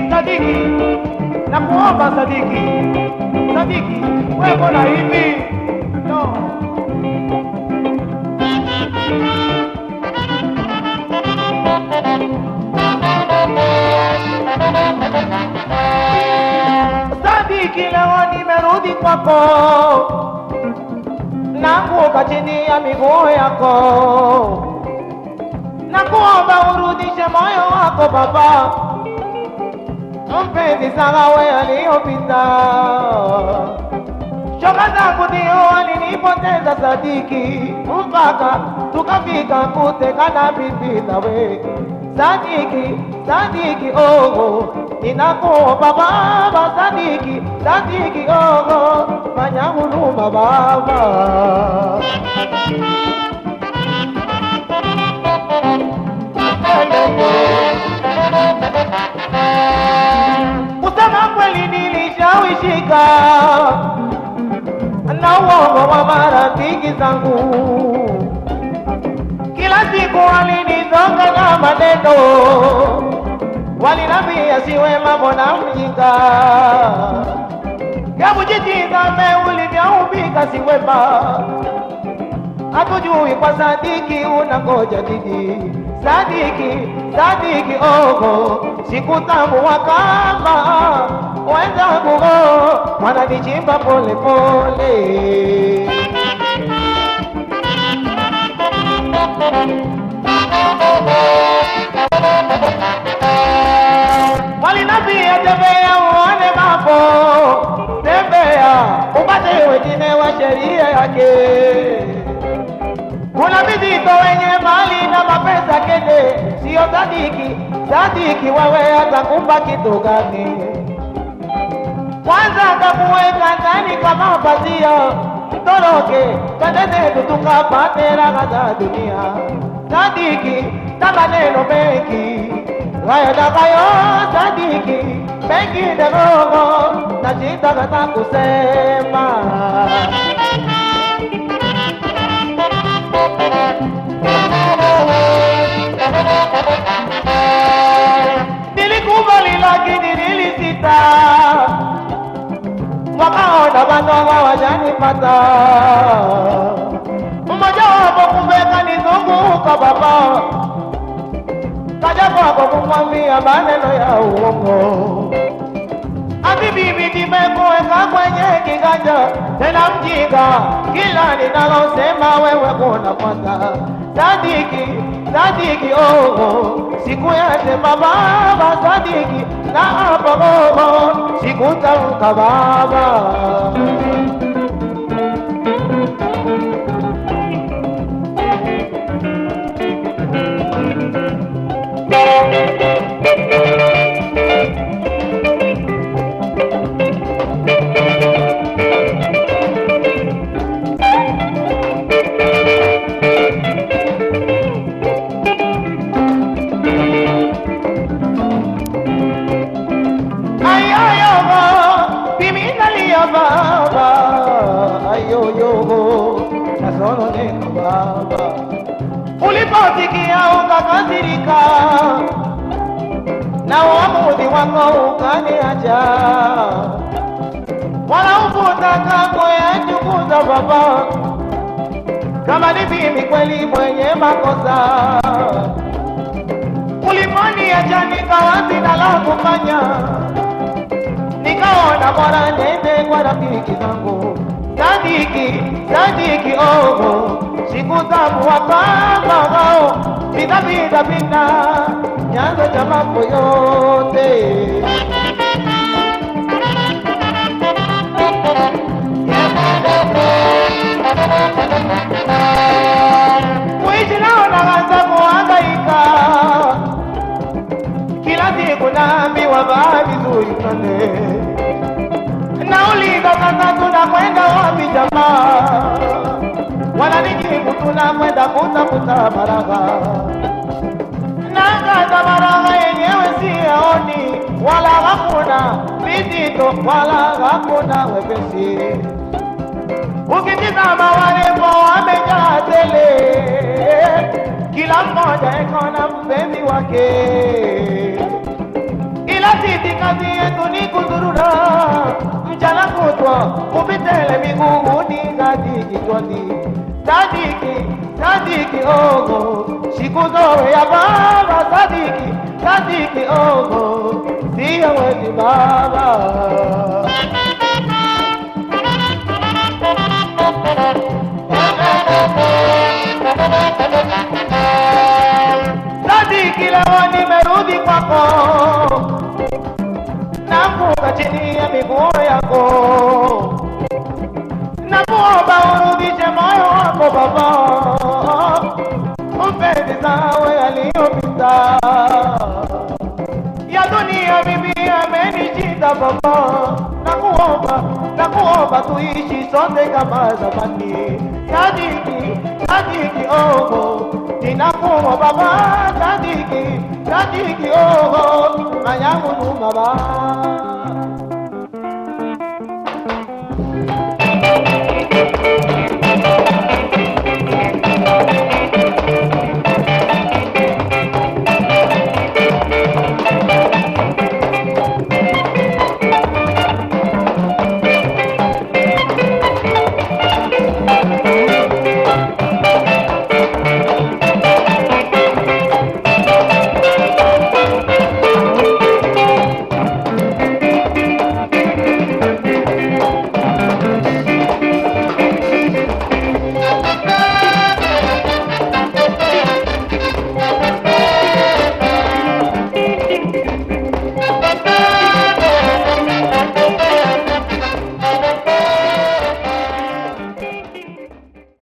Sadiki, nakuomba sadiki, sadiki, wewe mbona hivi? wiki leo nimerudi kwako, nanguka chini ya miguu yako, nakuomba urudishe moyo wako Baba mpenzi, sawawe yaliyopita. Shoga zangu ndio walinipoteza sadiki, mpaka tukafika kutekana, bibi na we sadiki, sadiki oh. oh ninakuomba Baba, sadiki sadiki, ogo fanya huruma Baba. Kusema kweli nilishawishika na uongo wa marafiki zangu, kila siku alinizonga na maneno nabi asiwe mambo na mjinga, yamujitizame ulivyoubika si wema, hatujui kwa sadiki unangoja didi Sadiki sadiki oho, sikutambua kama wenzangu oh, pole polepole wengine wa sheria yake. Kuna miziko wenye mali na mapesa kende, sio sadiki sadiki, wewe atakumba kitu gani? Kwanza kakuweka ndani kama pazia, mtoroke tandezetu tukapate raha za dunia. Sadiki na maneno mengi wayatakayo sadiki, mengi ndogo Najitakaza kusema nilikubali, lakini nilisita, wakaona wanoma wajanipata mmoja wapo kumeka nizunguka baba kaja kwako kumwambia maneno ya uongo Hivi vimekuweka kwenye kiganja, tena mjinga, kila ninalosema wewe kunafuata. Sadiki, sadiki, oh, oh, siku yote baba sadiki na hapa, oh, oh, siku tamka baba yoyoyo kasoro neno baba. Uliposikia ukakasirika na uamuzi wako ukaniacha, wala hukutaka kuyachukuza baba, kama ni mimi kweli mwenye makosa uliponiacha nikawa sina la kufanya, nikaona bora niende kwa rafiki zangu sadiki sadiki oho sikutambua kwamba wao ni dhambi cha mambo yote kuishi nao naanza kuhangaika kila siku naambiwa vaa vizuri tunakwenda wapi jamaa? Wananijibu tunakwenda kutafuta baraka. Nanga baraka yenyewe siyaoni, wala hakuna vizito, wala hakuna wepesi. Ukitizama warembo wamejaa tele, kila mmoja iko na mpenzi wake, ila sisi kazi yetu ni kuzurura Yehowa mupitele mbinguni kadiki twandi sadiki sadiki ogo siku zowe ya baba sadiki sadiki ogo siya wezi baba Sadiki leo nimerudi kwako, naanguka chini ya miguu yako ya dunia, mimi amenijinda Baba, na kuomba na kuomba tuishi sote kama zamani. Sadiki sadiki oho, ninakuomba Baba, sadiki sadiki oho, mayangu nyuma Baba